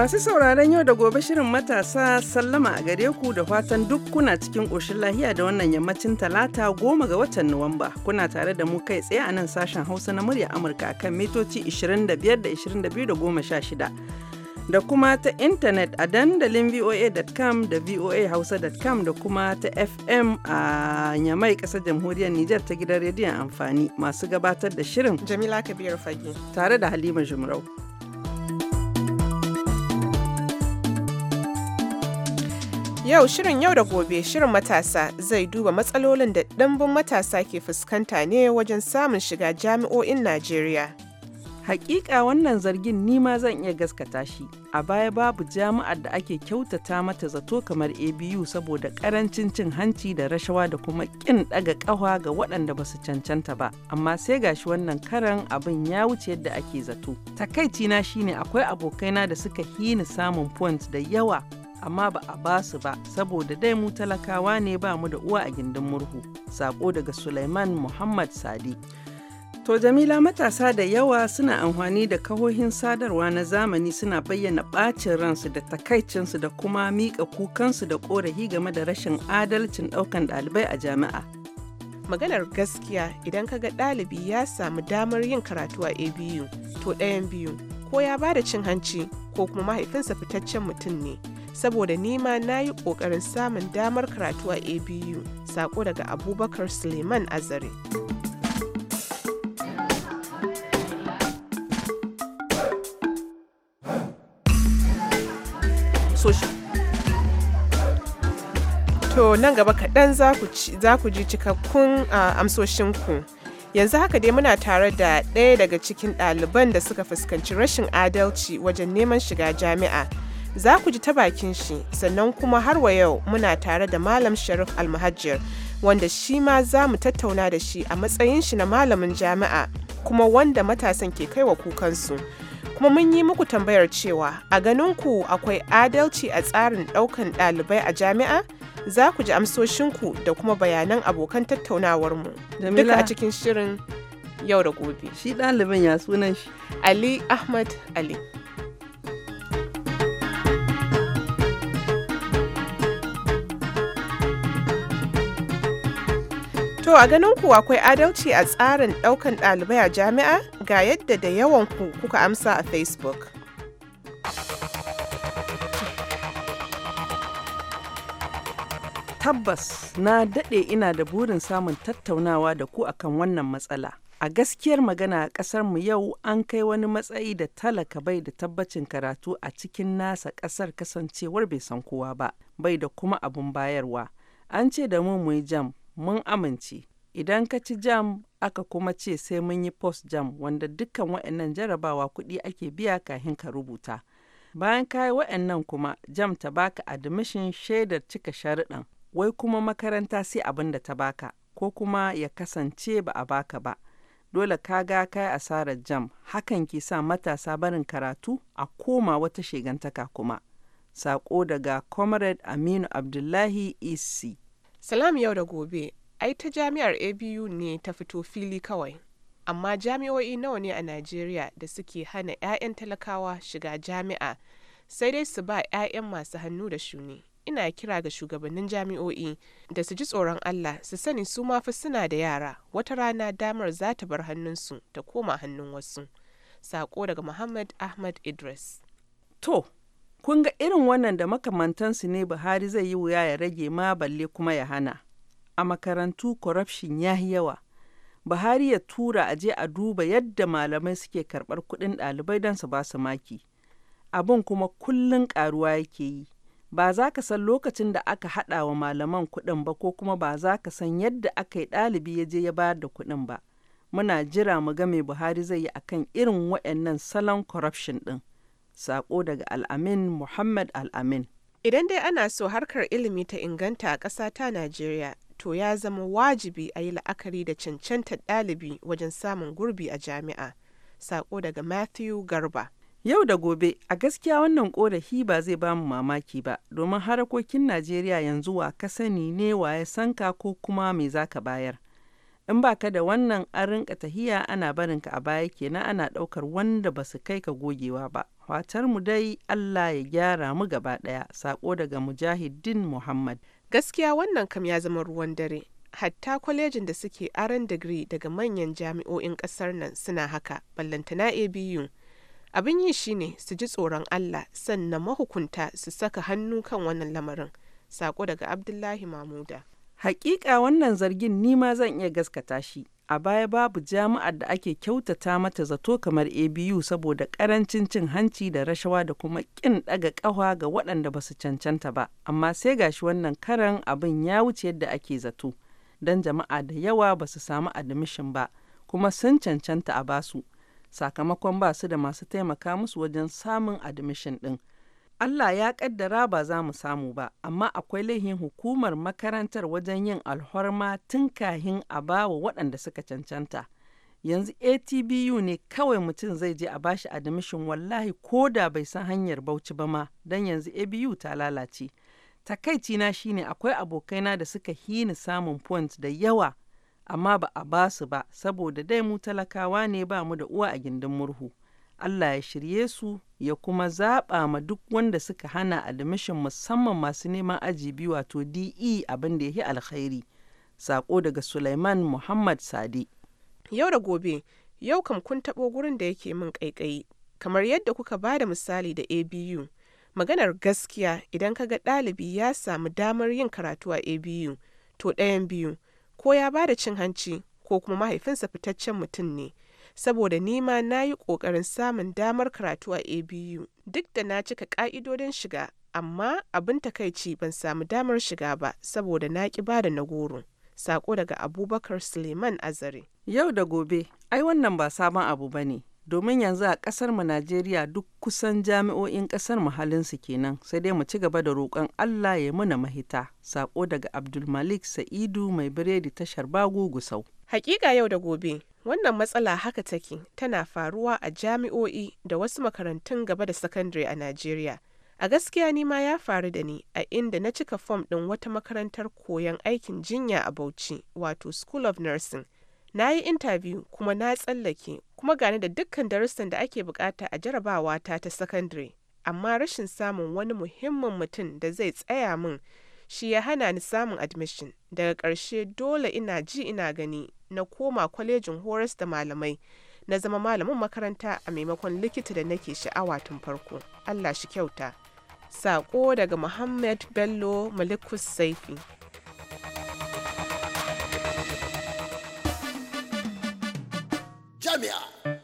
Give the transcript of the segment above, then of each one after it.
Masu sauraron yau da gobe shirin matasa sallama a gare ku da fatan duk kuna cikin ƙoshin lahiya da wannan yammacin talata goma ga watan Nuwamba. Kuna tare da mu kai tsaye a nan sashen Hausa na murya Amurka a kan mitoci 25 da 22 da 16. Da kuma ta intanet a dandalin voa.com da voahausa.com da kuma ta FM a Nyamai ƙasar jamhuriyar Nijar ta gidan rediyon amfani masu gabatar da shirin. Jamila Kabiru Fage. Tare da Halima Jumrau. Yau shirin yau da gobe shirin matasa zai duba matsalolin da ɗimbin matasa ke fuskanta ne wajen samun shiga jami'o'in Najeriya. Hakika wannan zargin nima zan iya gaskata shi. A baya babu jami'ar da ake kyautata mata zato kamar ABU saboda karancin cin hanci da rashawa da kuma kin ɗaga ƙawa ga waɗanda ba su cancanta ba. Amma sai gashi wannan karan abin ya wuce yadda ake zato. Takaicina na shine akwai abokaina da suka hini samun points da yawa amma ba a ba su ba saboda dai mu talakawa ne ba mu da uwa a gindin murhu sako daga suleiman Muhammad Sadi To Jamila matasa da yawa suna amfani da kahohin sadarwa na zamani suna bayyana ɓacin ransu da takaicinsu da kuma miƙa kukansu da ƙorafi game da rashin adalcin ɗaukan ɗalibai a jami'a. Maganar gaskiya idan kaga ɗalibi ya samu damar yin karatu a ABU to ɗayan biyu ko ya bada cin hanci ko kuma mahaifinsa fitaccen mutum ne. saboda nima na yi ƙoƙarin samun damar karatu a abu sako daga abubakar suleiman azare To nan gaba kaɗan za ku ji cikakkun amsoshinku. Yanzu haka dai muna tare da ɗaya daga cikin ɗaliban da suka fuskanci rashin adalci wajen neman shiga jami'a. za ku ji ta bakin shi sannan kuma har wa yau muna tare da malam sharif almahajjar wanda shi ma za mu tattauna da shi a matsayin shi na malamin jami'a kuma wanda matasan ke kai kaiwa kukansu kuma mun yi muku tambayar cewa a ganin ku akwai adalci a tsarin ɗaukan ɗalibai a jami'a za ku ji amsoshinku da kuma bayanan abokan tattaunawarmu duka a cikin shirin yau da gobe shi ɗaliban ya sunan shi ali ahmad ali To a ganin ku akwai adalci a tsarin ɗaukan ɗalibai a jami'a ga yadda da yawan ku kuka amsa a Facebook. Tabbas na daɗe ina da burin samun tattaunawa da ku akan wannan matsala. A gaskiyar magana a mu yau an kai wani matsayi da talaka bai da tabbacin karatu a cikin nasa ƙasar kasancewar bai san kowa ba, bai da kuma abun bayarwa. An ce da mu muyi yi jam, mun amince, idan ka ci jam aka kuma ce sai mun yi post jam wanda dukkan waɗannan jarabawa kuɗi ake biya kahin ka rubuta. Bayan ka yi waɗannan kuma jam ta baka admission shaidar cika sharuɗan, wai kuma makaranta sai abin da ta baka, ko kuma ya kasance ba a baka ba. Dole ka ga kai asarar jam, hakan ke sa matasa barin karatu a koma wata shegantaka kuma. Sako daga Comrade Aminu Abdullahi EC. Salam yau da gobe, ai ta jami'ar ABU ne ta fito fili kawai. Amma jami'o'i nawa ne a Najeriya da suke hana 'ya'yan talakawa shiga jami'a sai dai su ba 'ya'yan masu hannu da shuni. Ina kira ga shugabannin jami'o'i da su ji tsoron Allah su sani su mafi suna da yara wata rana damar za ta bar hannunsu ta koma hannun wasu. Sako daga Muhammad Ahmad Idris. To, Kun ga irin wannan da makamantansu ne Buhari zai yi wuya ya rage ma balle kuma ya hana. A makarantu corruption ya yi yawa. Buhari ya tura a je a duba yadda malamai suke karɓar kuɗin ɗalibai don su basu maki. Abin kuma kullun ƙaruwa yake yi. Ba za ka san lokacin da aka haɗa wa malaman kuɗin ba ko kuma ba za ka san yadda aka yi ɗalibi ya je ya bayar da kuɗin ba. Muna jira mu ga mai Buhari zai yi akan irin waɗannan salon corruption ɗin. Sako daga Al'amin Muhammad Al'amin. Idan dai ana so harkar ilimi ta inganta a ƙasa ta Najeriya, to ya zama wajibi a yi la'akari da cancantar ɗalibi wajen samun gurbi a jami'a. Sako daga Matthew Garba. Yau da gobe a gaskiya wannan korafi ba zai ba mu mamaki ba domin harakokin Najeriya yanzu wa ka sani ne wa ya sanka ko kuma me zaka bayar. in ba ka da wannan an rinka tahiya ana ka a baya kenan ana ɗaukar wanda ba su kai ka gogewa ba fatar mu dai Allah ya gyara mu gaba ɗaya sako daga mujahidin Muhammad gaskiya wannan kam ya zama ruwan dare hatta kwalejin da suke aran digiri daga manyan jami'o'in kasar nan suna haka ballantana abu abin yi shine su ji tsoron Allah sannan mahukunta su saka hannu kan wannan lamarin sako daga Abdullahi Mamuda Hakika wannan zargin nima zan iya gaskata shi. A baya babu jami'ar da ake kyautata mata zato kamar ABU saboda karancin cin hanci da rashawa da kuma kin daga kawa ga waɗanda ba su cancanta ba. Amma sai gashi wannan karan abin ya wuce yadda ake zato. Don jama'a da yawa ba su samu admission ba, kuma sun cancanta a basu. Sakamakon ba su da masu taimaka musu wajen samun admission ɗin. Allah ya ƙaddara ba za mu samu ba, amma akwai laihin hukumar makarantar wajen yin alhorma tun kahin a bawa waɗanda suka cancanta. Yanzu ATBU ne kawai mutum zai je a bashi admission wallahi ko da bai san hanyar bauchi ba ma, don yanzu ABU ta lalace. takaici Takaicina shine akwai abokaina da suka hini samun point da yawa, amma ba a basu ba, saboda dai mu talakawa ne ba mu da uwa a gindin murhu. Allah ya shirye su ya kuma zaɓa ma duk wanda suka hana admission musamman masu neman aji biyu wato DE abin da ya alkhairi. Sako daga Sulaiman Muhammad Sade. Yau da gobe, yau kam kun taɓo gurin da yake min ƙaiƙayi, kamar yadda kuka ba da misali da ABU. Maganar gaskiya idan ka ga ɗalibi ya samu damar yin karatu a ABU, to ɗayan biyu, ko ya ba da cin hanci ko kuma mahaifinsa fitaccen mutum ne. saboda nima ma na yi ƙoƙarin samun damar karatu a ABU duk da na cika ƙa'idodin shiga amma abin takaici ban samu damar shiga ba saboda na ƙi bada nagoro nagoro Sako daga Abubakar Suleiman Azare. Yau da gobe, ai wannan ba sabon abu ba ne. Domin yanzu a ƙasar mu Najeriya duk kusan jami'o'in ƙasar mu halinsu kenan sai dai mu ci gaba da roƙon Allah ya muna mahita. Sako daga Abdulmalik Sa'idu mai biredi tashar Bago Gusau. Hakika yau da gobe, Wannan matsala haka take tana faruwa a jami'o'i da wasu makarantun gaba da sakandare a Najeriya. A gaskiya ni ma ya faru da ni a inda na cika fom ɗin wata makarantar koyon aikin jinya a Bauchi wato School of Nursing. Na yi intabi kuma na tsallake kuma gane da dukkan darussan da ake bukata a ta ta sakandare amma rashin samun wani muhimmin mutum da zai tsaya min shi ya hana ni samun admission, daga ƙarshe dole ina ji ina gani na koma kwalejin horas da malamai na zama malamin makaranta a maimakon likita da nake sha'awa tun farko Allah shi kyauta saƙo daga Muhammad Bello Malikus Saifi jami'a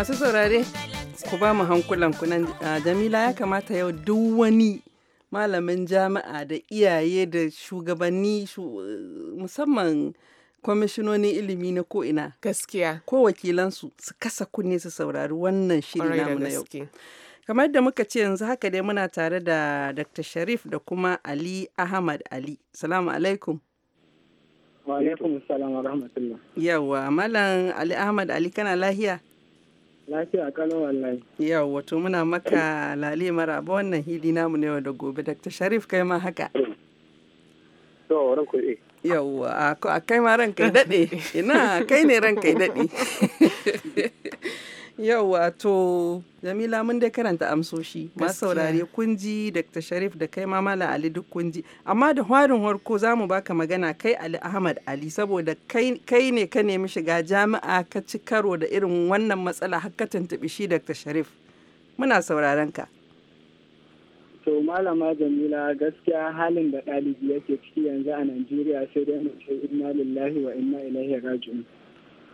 masu saurare ku ba mu hankulan kunan ah, jamila ya kamata yau duk wani malamin jami'a da iyaye da shugabanni musamman kwamishinonin ilimi na ko'ina gaskiya ko wakilansu su kasa kunne su saurari wannan shiri namu na yau kamar da muka ce yanzu haka dai muna tare da dr sharif da kuma ali ahmad ali salamu alaikum wa alaikum salam wa rahmatullah yawa malam ali ahmad ali kana lahiya Lafiya kano wallahi. Yau wato muna maka lale maraba wannan hili namu ne da gobe Dr. Sharif kai ma haka. yau a kai ma ran kai daɗe. Ina kai ne ran kai daɗe. Yau wato Jamila mun dai karanta amsoshi ma saurare kun ji Dr. Sharif da kai Mamala Ali duk kun amma da harin harko za mu baka magana kai Ali Ahmad Ali saboda kai ne ka nemi shiga jami'a ka ci karo da irin wannan matsala har ka tuntuɓi shi Dr. Sharif muna sauraron ka. To malama Jamila gaskiya halin da ɗalibi yake ciki yanzu a Najeriya sai dai mu ce inna lillahi wa inna ilaihi raji'un.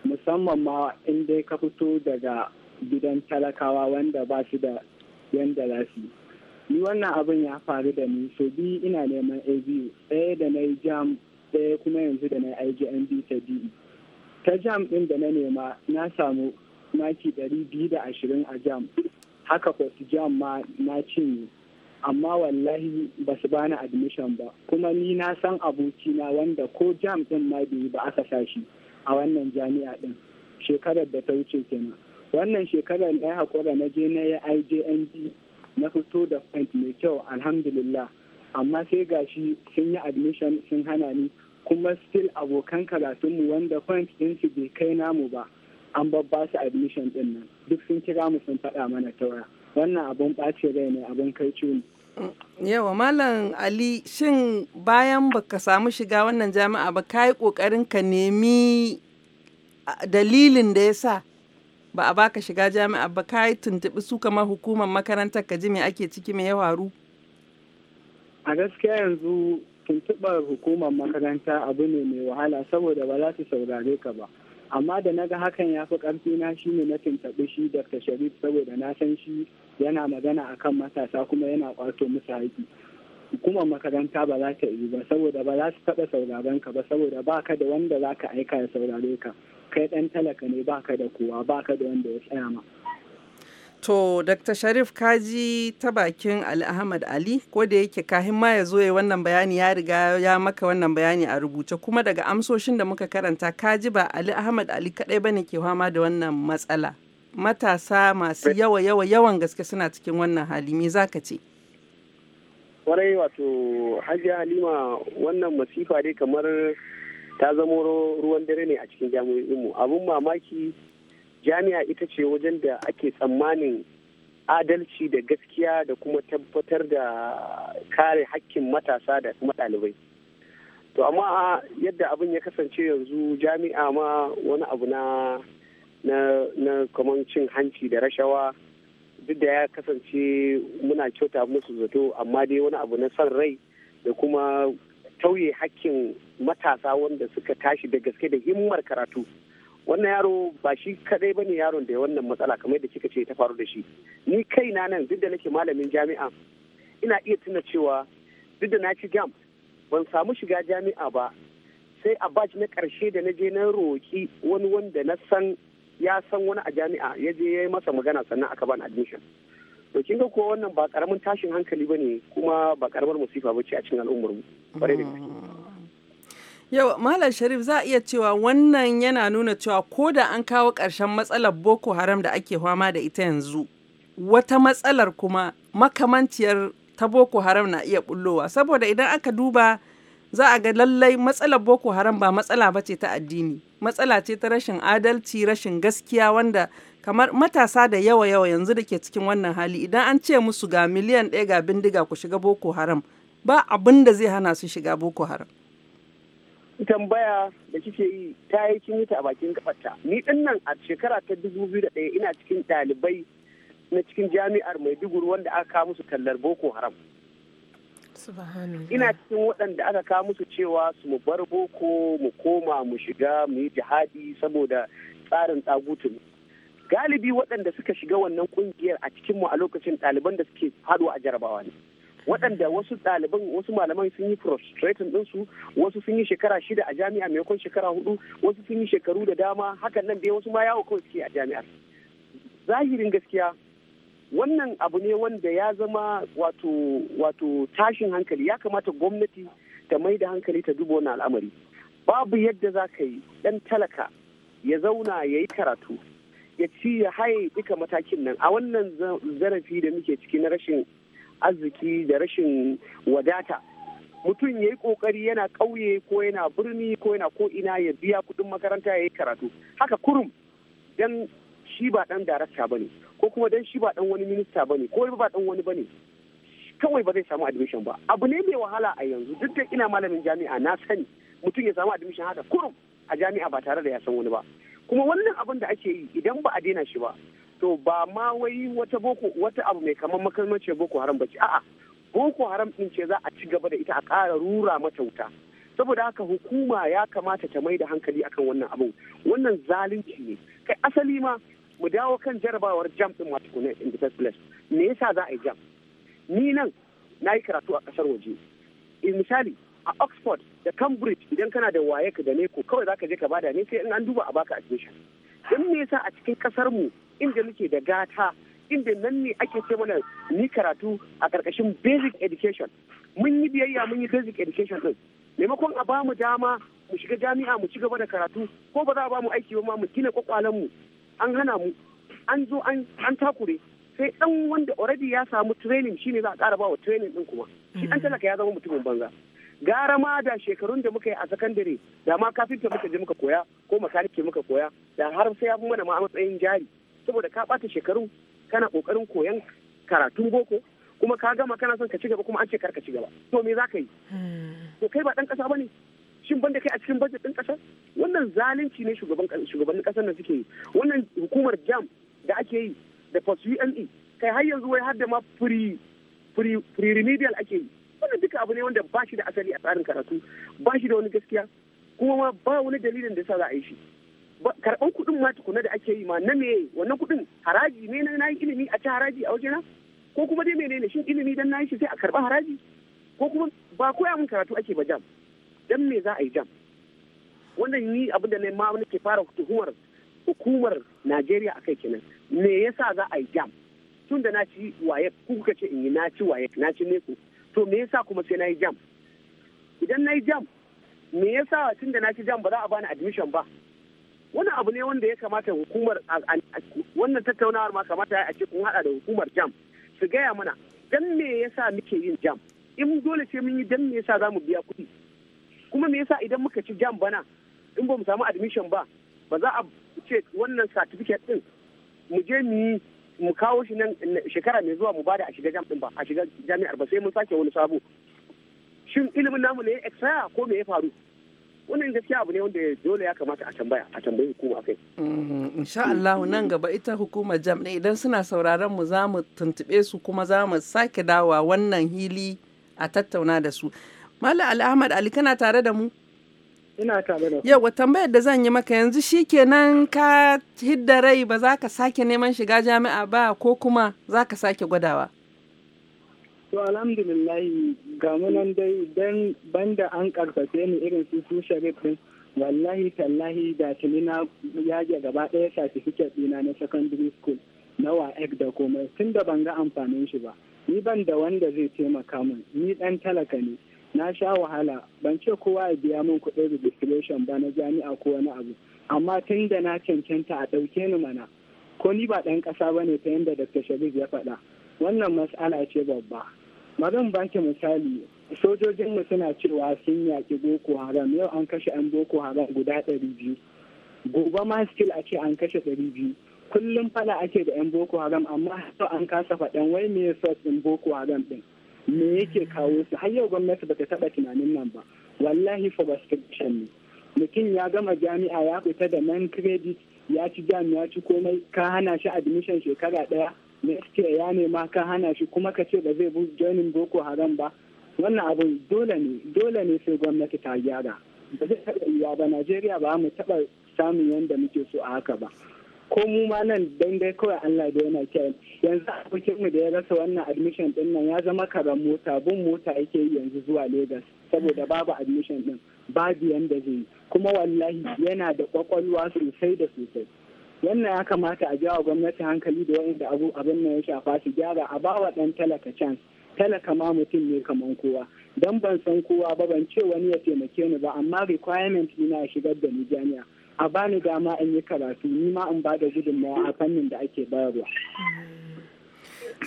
musamman ma in dai ka fito daga gidan talakawa wanda ba su da yanda za su ni wannan abin ya faru da ni so bi ina neman a biyu ɗaya da na yi jam ɗaya kuma yanzu da na yi B ta biyu e. ta jam ɗin da na nema na samu maki ɗari biyu da ashirin a jam haka post jam ma na cinye amma wallahi ba su bani admission ba kuma ni na san abokina wanda ko jam ɗin ma bai ba aka sa shi a wannan jami'a din shekarar da ta wuce kenan wannan shekarar na ya haƙura na je na yi ijnd na fito da point mai kyau alhamdulillah amma sai gashi sun yi admission sun hana ni kuma still abokan karatunmu wanda point su bai kai namu ba an babba su admission ɗin nan duk sun kira mu sun faɗa mana taura wannan abun ɓacin rai ne abun kai ne Yawa Malam Ali shin bayan baka samu shiga wannan jami'a ba ka yi ƙoƙarin ka nemi dalilin da ya sa ba a baka shiga jami'a ba ka yi tuntuɓi su kamar hukumar makarantar ka ji me ake ciki mai yawa ru. A gaskiya yanzu tuntuɓar hukumar makaranta abu ne mai wahala saboda ba za su saurare ka ba. amma da na ga hakan ya fi ƙarfi na shi ne na tuntuɓi shi dr sharif saboda na san shi yana magana a kan matasa kuma yana kwato musu haƙi hukumar makaranta ba za ta yi ba saboda ba za su taɓa sauraron ka ba saboda ba ka da wanda za ka aika ya saurare ka kai ɗan talaka ne ba ka da kowa ba ka da wanda ya tsaya ma To, Dr. Sharif Kaji ta bakin Ali Ahmad Ali, ko da yake kahin ma ya zo ya wannan bayani ya riga ya maka wannan bayani a rubuce kuma daga amsoshin da muka karanta kaji ba Ali Ahmad Ali kaɗai ne ke fama da wannan matsala. matasa masu yawa yawa yawan gaske suna cikin wannan hali me za ka ce kwarai wato hajji halima wannan masifa dai kamar ta zama ruwan dare ne a cikin jami'o'inmu abun mamaki jami'a ita ce wajen da ake tsammanin adalci da gaskiya da kuma tabbatar da kare hakkin matasa da kuma ɗalibai to amma yadda abin ya kasance yanzu jami'a ma wani abu na na kamar cin hanci da rashawa duk da ya kasance muna kyauta musu zato amma dai wani abu na son rai da kuma tauye hakkin matasa wanda suka tashi da gaske da himmar karatu wannan yaro ba shi kadai bane yaron da ya wannan matsala kamar da kika ce ta faru da shi ni kai na nan duk da nake malamin jami'a ina iya tuna cewa duk da na ci jam ban samu shiga jami'a ba sai a batch na karshe da na je na roki wani wanda na san ya san wani a jami'a ya je ya yi masa magana sannan aka bani admission to kin ga kuwa wannan ba karamin tashin hankali bane kuma ba karamar musifa bace a cikin al'ummar mu mm. Yau Malam Sharif za a iya cewa wannan yana nuna cewa ko da an kawo ƙarshen matsalar Boko Haram da ake fama da ita yanzu wata matsalar kuma makamanciyar ta Boko Haram na iya bullowa saboda idan aka duba za a ga lallai matsalar boko haram ba matsala ba ce ta addini matsala ce ta rashin adalci rashin gaskiya wanda kamar matasa da yawa yawa yanzu da ke cikin wannan hali idan an ce musu ga miliyan ɗaya ga bindiga ku shiga boko haram ba abin da zai hana su shiga boko haram tambaya da kike yi ta yi kin ta a bakin kafarta ni din nan a shekara ta dubu da ɗaya ina cikin ɗalibai na cikin jami'ar maiduguri wanda aka kawo musu tallar boko haram ina cikin waɗanda aka kawo musu cewa su mu bar boko mu koma mu shiga mu yi jihadi saboda tsarin tsagutun galibi waɗanda suka shiga wannan kungiyar a cikin mu a lokacin ɗaliban da suke haɗuwa a jarabawa ne waɗanda wasu ɗaliban wasu malaman sun yi frustrating ɗinsu wasu sun yi shekara shida a jami'a maimakon shekara hudu wasu sun yi shekaru da dama hakan nan dai wasu ma yawo kawai suke a jami'ar zahirin gaskiya wannan abu ne wanda ya zama wato tashin hankali ya kamata gwamnati ta mai da hankali ta duba wannan al'amari babu yadda za ka yi ɗan talaka ya zauna ya yi karatu ya ci ya haye duka matakin nan a wannan zarafi da muke ciki na rashin arziki da rashin wadata mutum ya yi kokari yana ƙauye ko yana birni ko yana ko'ina ya biya kuɗin makaranta ya yi karatu haka kurum dan. shi ba dan darakta ba ne ko kuma dan shi ba dan wani minista ba ne ko ba dan wani ba ne kawai ba zai samu admission ba abu ne mai wahala a yanzu duk da ina malamin jami'a na sani mutum ya samu admission haka kurum a jami'a ba tare da ya san wani ba kuma wannan abin da ake yi idan ba a daina shi ba to ba ma wai wata boko wata abu mai kamar makamancin boko haram bace a'a boko haram din ce za a ci gaba da ita a ƙara rura mata wuta saboda haka hukuma ya kamata ta mai da hankali akan wannan abu wannan zalunci ne kai asali ma mu dawo kan jarabawar jam din wata in the first place me yasa za a yi jam ni nan na yi karatu a kasar waje eh, misali a oxford da cambridge idan kana da waye ka da ne ko kawai zaka je ka bada ne sai in an duba a baka admission don me yasa a cikin kasar mu inda muke da gata inda nan ne ake ce mana ni karatu a karkashin basic education mun yi biyayya mun yi basic education din maimakon a bamu dama mu shiga jami'a mu ci gaba da karatu ko ba za a bamu aiki ba ma mu gina kwakwalen mu an hana mu an zo an takure sai dan wanda already ya samu training shine za a ƙara ba wa training din kuma shi dan mm. talaka ya zama mutumin banza gara ma da shekarun da muka yi a sakandare da ma kafinta muka je muka koya ko makaniki muka koya da har sai ya fi mana ma a matsayin jari saboda ka bata shekaru kana kokarin koyan karatun boko kuma ka gama kana son ka ci gaba kuma an ce kar ka ci gaba to me za ka yi mm. to kai ba dan ba ne. shin banda kai a cikin budget din kasar wannan zalunci ne shugaban shugabannin kasar nan suke yi wannan hukumar jam da ake yi da post UNE kai har yanzu wai har da ma free remedial ake yi wannan duka abu ne wanda ba shi da asali a tsarin karatu ba shi da wani gaskiya kuma ma ba wani dalilin da sa za a yi shi karɓan kuɗin ma tukuna da ake yi ma na me wannan kuɗin haraji ne na yi ilimi a ci haraji a wajena ko kuma dai menene shin ilimi dan na yi shi sai a karɓa haraji ko kuma ba koya mun karatu ake ba jam dan me za a yi jam wannan ni abin da ma nake fara tuhumar hukumar najeriya a kai kenan me yasa za a yi jam tun da na ci waye kuka ce in yi na ci waye na ci ne ku to me yasa kuma sai na yi jam idan na yi jam me yasa tun da na ci jam ba za a bani admission ba wannan abu ne wanda ya kamata hukumar wannan tattaunawar ma kamata a ce kun hada da hukumar jam su gaya mana dan me yasa muke yin jam in dole sai mun yi dan me yasa za mu biya kuɗi kuma me yasa idan muka ci jam bana in ba mu samu admission ba ba za a ce wannan certificate din mu je mu yi mu kawo shi nan eh, shekara mai zuwa mu bada a shiga jam din ba a shiga jami'ar ba sai mun sake wani sabo shin ilimin namu ne expire ko me ya faru wannan gaskiya abu ne wanda dole ya kamata a tambaya a tambayi hukuma kai mm-hmm. insha Allah nan gaba ita hukumar jam ne idan suna sauraron mu za mu tuntube su kuma za mu sake dawa wannan hili a tattauna da su Mala Ali Ahmad Ali kana tare da mu? Ina tare da tambayar da zan yi maka yanzu shi nan ka hidda rai ba za ka sake neman shiga jami'a ba ko kuma za ka sake gwadawa? To alhamdulillahi ga munan dai dan banda an karfafe ni irin su su sharif din wallahi tallahi da tuni na yage gaba ɗaya certificate ɗina na secondary school na wa'ek da komai tun da ban ga amfanin shi ba ni ban da wanda zai taimaka min ni dan talaka ne na sha wahala ban ce kowa ya biya min kuɗin registration ba na jami'a ko wani abu amma tun da na cancanta a ɗauke ni mana ko ni ba ɗan ƙasa ba ne ta yadda dr sharif ya faɗa wannan mas'ala ce babba maran baki misali sojojinmu suna cewa sun yaƙi boko haram yau an kashe 'yan boko haram guda ɗari biyu gobe ma skill a ce an kashe ɗari biyu kullum fada ake da 'yan boko haram amma yau an kasa faɗan wai me ya ɗin boko haram ɗin me yake kawo su har yau gwamnati bata taɓa tunanin nan ba wallahi for frustration ne mutum ya gama jami'a ya fita da man credit ya ci jami'a ci komai ka hana shi admission shekara ɗaya me suke ya nema ka hana shi kuma ka ce ba zai bu joining boko haram ba wannan abun dole ne dole ne sai gwamnati ta gyara ba zai taɓa iya ba najeriya ba mu taɓa samun yadda muke so a haka ba ko mu ma nan dan dai kawai Allah da yana kiran yanzu abokin mu da ya rasa wannan admission din nan ya zama karan mota bin mota yake yanzu zuwa Lagos saboda babu admission din babu yanda zai kuma wallahi yana da kwakwalwa sosai da sosai wannan ya kamata a jawo gwamnati hankali da wanda abu abin nan ya shafa su gyara a bawa dan talaka chance talaka ma mutum ne kaman kowa dan ban san kowa ba ban ce wani ya taimake ni ba amma requirement ina shigar da ni jami'a a bani dama in yi karatu ni ma in bada gudunmawa a fannin da ake bayarwa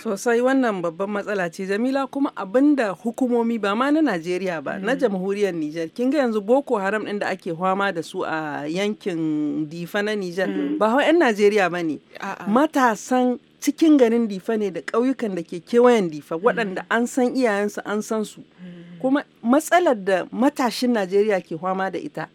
sosai wannan babban matsala ce jamila kuma abinda hukumomi ba ma na najeriya ba na hmm. jamhuriyar niger kin ga yanzu boko haram din da ake fama da su a yankin difa na niger hmm. ba hau 'yan najeriya ba ne matasan cikin garin difa ne da ƙauyukan da ke kewayen difa hmm. waɗanda an san iyayensu an san su kuma matsalar da matashin najeriya ke fama da ita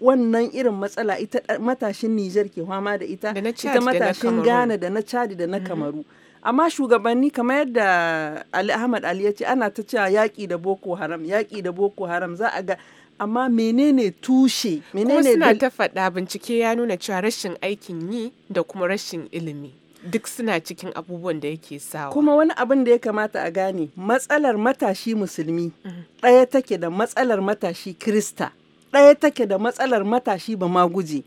wannan irin matsala ita eh, matashin Nijar ke fama da ita ita matashin Ghana da na Chad da na mm-hmm. Kamaru amma shugabanni kamar yadda Ali Ahmad Ali ya ce ana ta cewa yaƙi da Boko Haram yaƙi da Boko Haram za a ga amma menene tushe menene suna ta faɗa bincike ya nuna cewa rashin aikin yi da kuma rashin ilimi duk suna cikin abubuwan da yake sawa kuma wani abin da ya kamata a gane matsalar matashi musulmi mm-hmm. ɗaya take da matsalar matashi krista ɗaya take da matsalar matashi ba ma guje.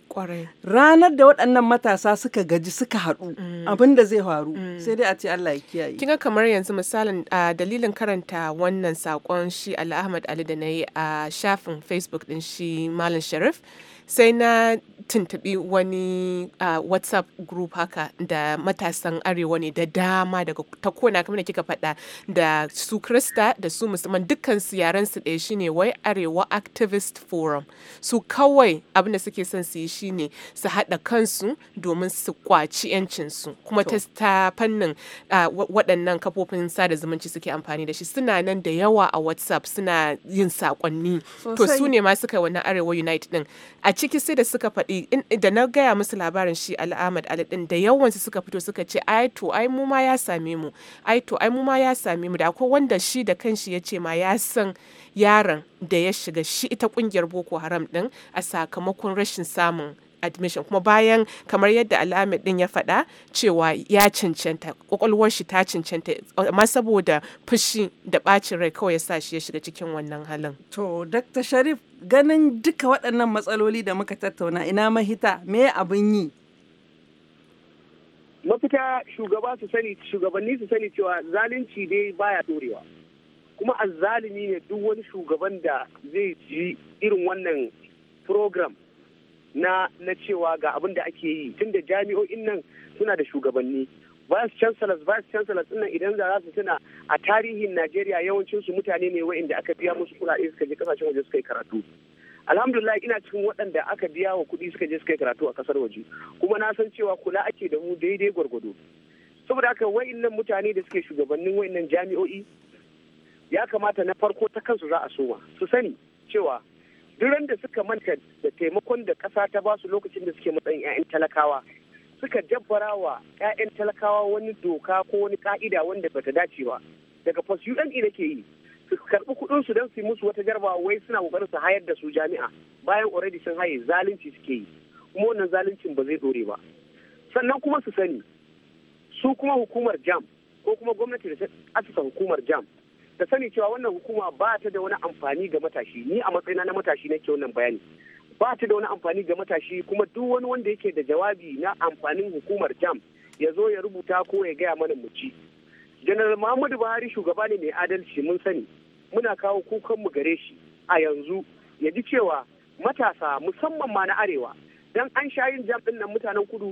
Ranar da waɗannan matasa suka gaji suka haɗu mm. abin da zai faru mm. sai dai a ce Allah ya kiyaye. Kinga kamar yanzu misalin a dalilin karanta wannan sakon shi Ali Ahmad Ali da na yi a shafin Facebook ɗin shi Malam Sharif sai na tuntubi wani uh, whatsapp group haka da matasan arewa ne da dama daga ta kona kamar da kika faɗa da su krista da su musulman dukkan su yaren su ɗaya shine wai arewa activist forum su kawai abin da suke son su yi shine su haɗa kansu domin su kwaci yancinsu kuma ta fannin uh, waɗannan kafofin sada zumunci suke amfani da shi suna nan da yawa a whatsapp suna yin saƙonni to su ne ma suka wannan arewa unite din a ciki sai da suka faɗi da na gaya musu labarin shi al'amad ali ɗin da yawansu suka fito suka ce ai to ai mu ma ya same mu ai to ai mu ma ya same mu da akwai wanda shi da kanshi ya ce ma ya san yaron da ya shiga shi ita kungiyar boko haram din a sakamakon rashin samun admission kuma bayan kamar yadda al'amid din ya faɗa cewa ya cancanta kwakwalwar shi ta cancanta amma saboda fushi da bacin rai kawai ya sa shi ya shiga cikin wannan halin to dr sharif ganin duka waɗannan matsaloli da muka tattauna ina mahita me abin yi mafita shugaba su sani shugabanni su sani cewa zalunci ne baya dorewa kuma azzalumi ne duk wani shugaban da zai ji irin wannan program na na cewa ga abin da ake yi da jami'o'in nan suna da shugabanni vice chancellors vice chancellors nan idan za su tuna a tarihin Najeriya yawancin su mutane ne wa'inda aka biya musu kuɗaɗe suka je kasashen waje suka yi karatu alhamdulillah ina cikin waɗanda aka biya wa kuɗi suka je suka yi karatu a kasar waje kuma na san cewa kula ake da mu daidai gwargwado saboda haka wa'innan mutane da suke shugabannin wa'innan jami'o'i ya kamata na farko ta kansu za a soma su sani cewa duran da suka manta da taimakon da kasa ta basu lokacin da suke matsayin 'ya'yan talakawa suka jabbara wa 'ya'yan talakawa wani doka ko wani ka'ida wanda bata dace ba daga fas UNE da ke yi su karbi kuɗin su don su musu wata jarba wai suna kokarin su hayar da su jami'a bayan already sun haye zalunci suke yi kuma wannan zaluncin ba zai dore ba sannan kuma su sani su kuma hukumar jam ko kuma gwamnati da ta asasa hukumar jam da sani cewa wannan hukuma ba ta da wani amfani ga matashi ni a matsayina na matashi nake wannan bayani ba ta da wani amfani ga matashi kuma duk wani wanda yake da jawabi na amfanin hukumar jam ya zo ya rubuta ko ya gaya mana mu ci general muhammadu buhari shugaba ne mai adalci mun sani muna kawo kukan mu gare shi a yanzu ya ji cewa matasa musamman ma na arewa dan an sha yin jam din nan mutanen kudu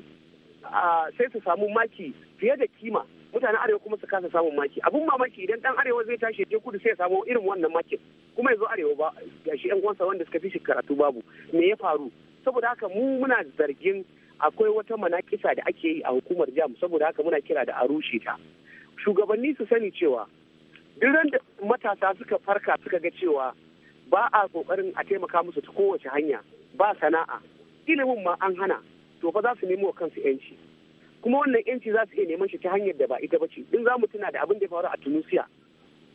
sai su samu maki fiye da kima mutanen arewa kuma su kasa samun maki abun mamaki idan dan arewa zai tashi je kudu sai ya samu irin wannan makin kuma yanzu arewa ba gashi yan gwansa wanda suka fi shi karatu babu me ya faru saboda haka mu muna zargin akwai wata manakisa da ake yi a hukumar jam saboda haka muna kira da arushi ta shugabanni su sani cewa duk da matasa suka farka suka ga cewa ba a kokarin a taimaka musu ta kowace hanya ba sana'a ilimin ma an hana to fa za su nemo kansu yanci kuma wannan yanci za su iya neman shi ta hanyar da ba ita ba ce in za mu tuna da abin da ya faru a tunisia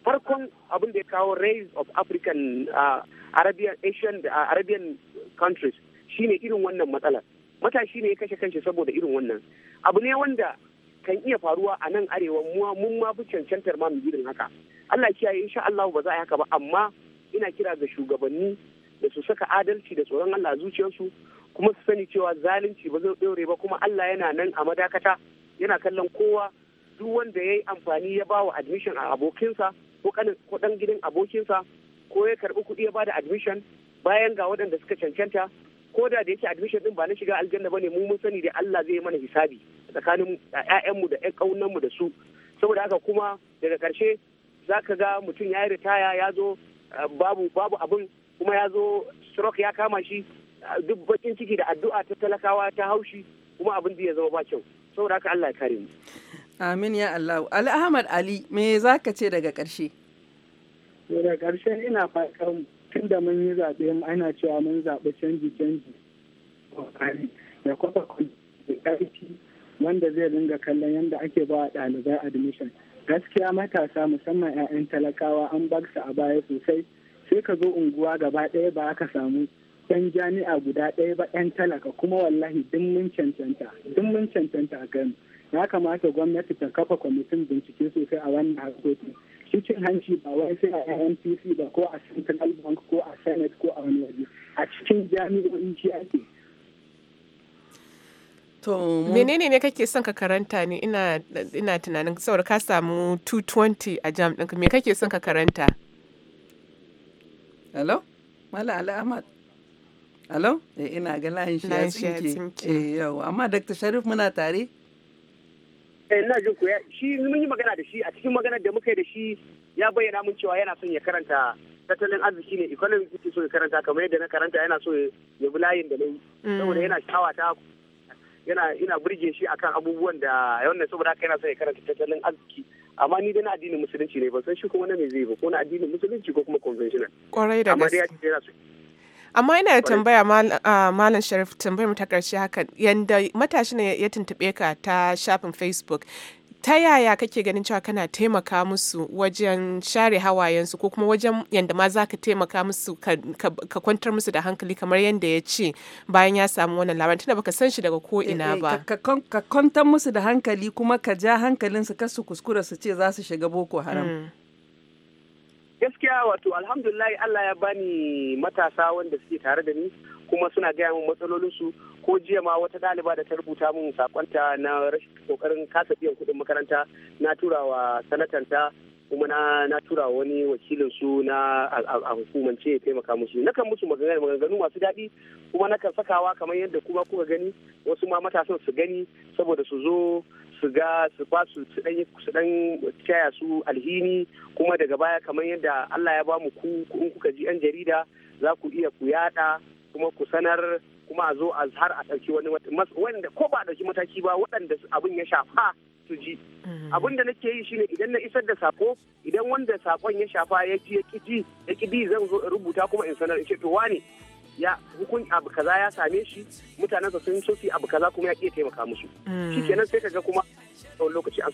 farkon abin da ya kawo rays of african uh, arabian asian uh, arabian countries shine irin wannan matsalar matashi ne ya kashe kanshi saboda irin wannan abu ne wanda kan iya faruwa a nan arewa muwa mun ma fi cancantar ma irin haka Allah kiyaye insha Allah ba za a yi haka ba amma ina kira ga shugabanni da su saka adalci da tsoron Allah zuciyarsu kuma su sani cewa zalunci ba zai ɗore ba kuma Allah yana nan a madakata yana kallon kowa duk wanda ya yi amfani ya ba wa admission a abokinsa ko ɗan gidan abokinsa ko ya karɓi kuɗi ya ba da admission bayan ga waɗanda suka cancanta ko da da yake admission din ba na shiga aljanna ba ne mu mun sani da Allah zai mana hisabi tsakanin ƴaƴanmu da ƴan mu da su saboda haka kuma daga ƙarshe ka ga mutum ya yi ritaya ya zo babu babu abin kuma ya zo stroke ya kama shi duk bakin ciki da addu'a ta talakawa ta haushi kuma abin ya zama ba kyau saboda haka Allah ya kare mu amin ya Allah Ali Ahmad Ali me zaka ce daga karshe. daga ƙarshe ina fatan tun da mun yi zaɓe ana cewa mun zaɓi canji canji da kwafa da ƙarfi wanda zai dinga kallon yadda ake ba ɗalibai admission gaskiya matasa musamman 'ya'yan talakawa an bar su a baya sosai sai ka zo unguwa gaba ɗaya ba aka samu ɗan jami'a guda ɗaya ba ɗan talaka kuma wallahi duk mun cancanta duk mun cancanta a kano ya kamata gwamnati ta kafa kwamitin bincike sosai a wannan harkoki shi cin hanci ba wai sai a NPC ba ko a Central Bank ko a Senate ko a wani waje a cikin jami'o'in shi ake To menene ne kake son ka karanta ne ina tunanin saboda ka samu 220 a jam ɗinka me kake son ka karanta? Hello? Mala alo eh, ina ga lahin shi ya tsinke eh yau amma dr sharif muna tare eh, ina jin ku shi mun yi magana da shi a cikin magana da muka yi da shi ya bayyana mun cewa yana son ya karanta tattalin arziki ne economy yake so ya karanta kamar yadda na karanta yana so ya bi layin da nayi mm. saboda yana shawa ta yana ina burge shi akan abubuwan da wannan saboda haka yana son ya karanta tattalin arziki amma ni dai na addinin musulunci ne ban san shi kuma na me zai ba ko na addinin musulunci ko kuma conventional kwarai da gaske amma dai ya ce yana so amma ina da tambaya malam sharif tambayar mu ta karshe haka yanda matashi ne ya tuntuɓe ka ta shafin facebook ta yaya kake ganin cewa kana taimaka musu wajen share hawayensu ko kuma wajen yanda ma za ka taimaka musu ka, kwantar musu da hankali kamar yadda ya ce bayan ya samu wannan labarin tunda baka san shi daga ko eh, ina eh, ba ka, kwantar musu da hankali kuma ka ja hankalinsu kasu su kuskura su ce za su shiga boko haram mm. gaskiya wato alhamdulillah Allah ya bani matasa wanda suke tare da ni kuma suna gaya min matsalolinsu ko jiya ma wata ɗaliba da ta rubuta min sakonta na rashin kokarin kasa biyan kuɗin makaranta na turawa sanatanta kuma na na tura wani wakilin su na a hukumance ya taimaka musu nakan musu maganganu maganganu masu daɗi kuma na nakan sakawa kamar yadda kuma kuka gani wasu ma matasan su gani saboda su zo su ga su ba su su dan taya su alhini kuma daga baya kamar yadda Allah ya ba mu ku in kuka ji yan jarida za ku iya ku yada kuma ku sanar kuma a zo a har a ɗauki wani wanda ko ba a ɗauki mataki ba waɗanda abin ya shafa su ji mm. abin da nake yi shine idan na isar da sako idan wanda sakon ya shafa ya ji ya kiji ya zan zo rubuta kuma in sanar in ce to wane ya hukun abu kaza ya same shi mutanensa sun so su abu kaza kuma ya ya taimaka musu mm. shikenan sai kaga kuma tsawon lokaci an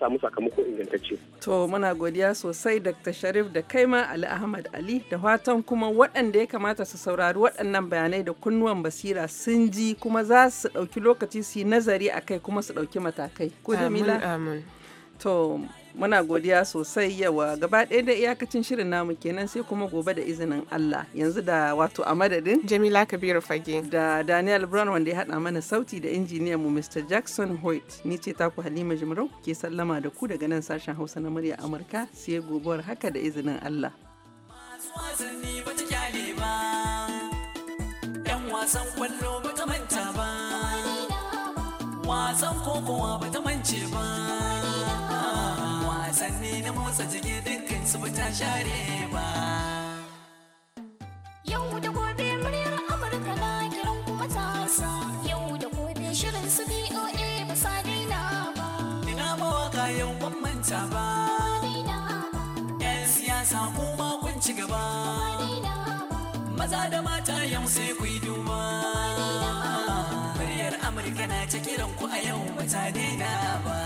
samu sakamako ingantacce. To muna godiya sosai Dr. Sharif da kaima Ali Ahmad Ali da fatan kuma waɗanda ya kamata su saurari waɗannan bayanai da kunnuwan basira sun ji kuma za su ɗauki lokaci su yi nazari a kai kuma su ɗauki matakai. amin amin Amin. To muna godiya sosai yawa gaba ɗaya da iyakacin shirin namu kenan sai kuma gobe da izinin Allah yanzu da wato a madadin Jamila Kabiru Fage da Daniel Brown wanda ya haɗa mana sauti da injiniyan mu Mr. Jackson Hoyt ni ce taku Halima Jimarau ke sallama da ku daga nan sashen Hausa na murya Amurka sai gobuwar haka da izinin Allah. wasan kwallo ba ta manta ba wasan kokowa ba ta mance ba wasanni na motsa jiki dukkan su ba share ba yau da gobe muryar amurka na kiran ku matasa. yau da gobe shirin su boa ba sa daina ba ina mawaka yau ban manta ba yan siyasa kuma kun ci gaba maza da mata yau sai ku yi duba muryar amurka na ta kiran ku a yau ba ta daina ba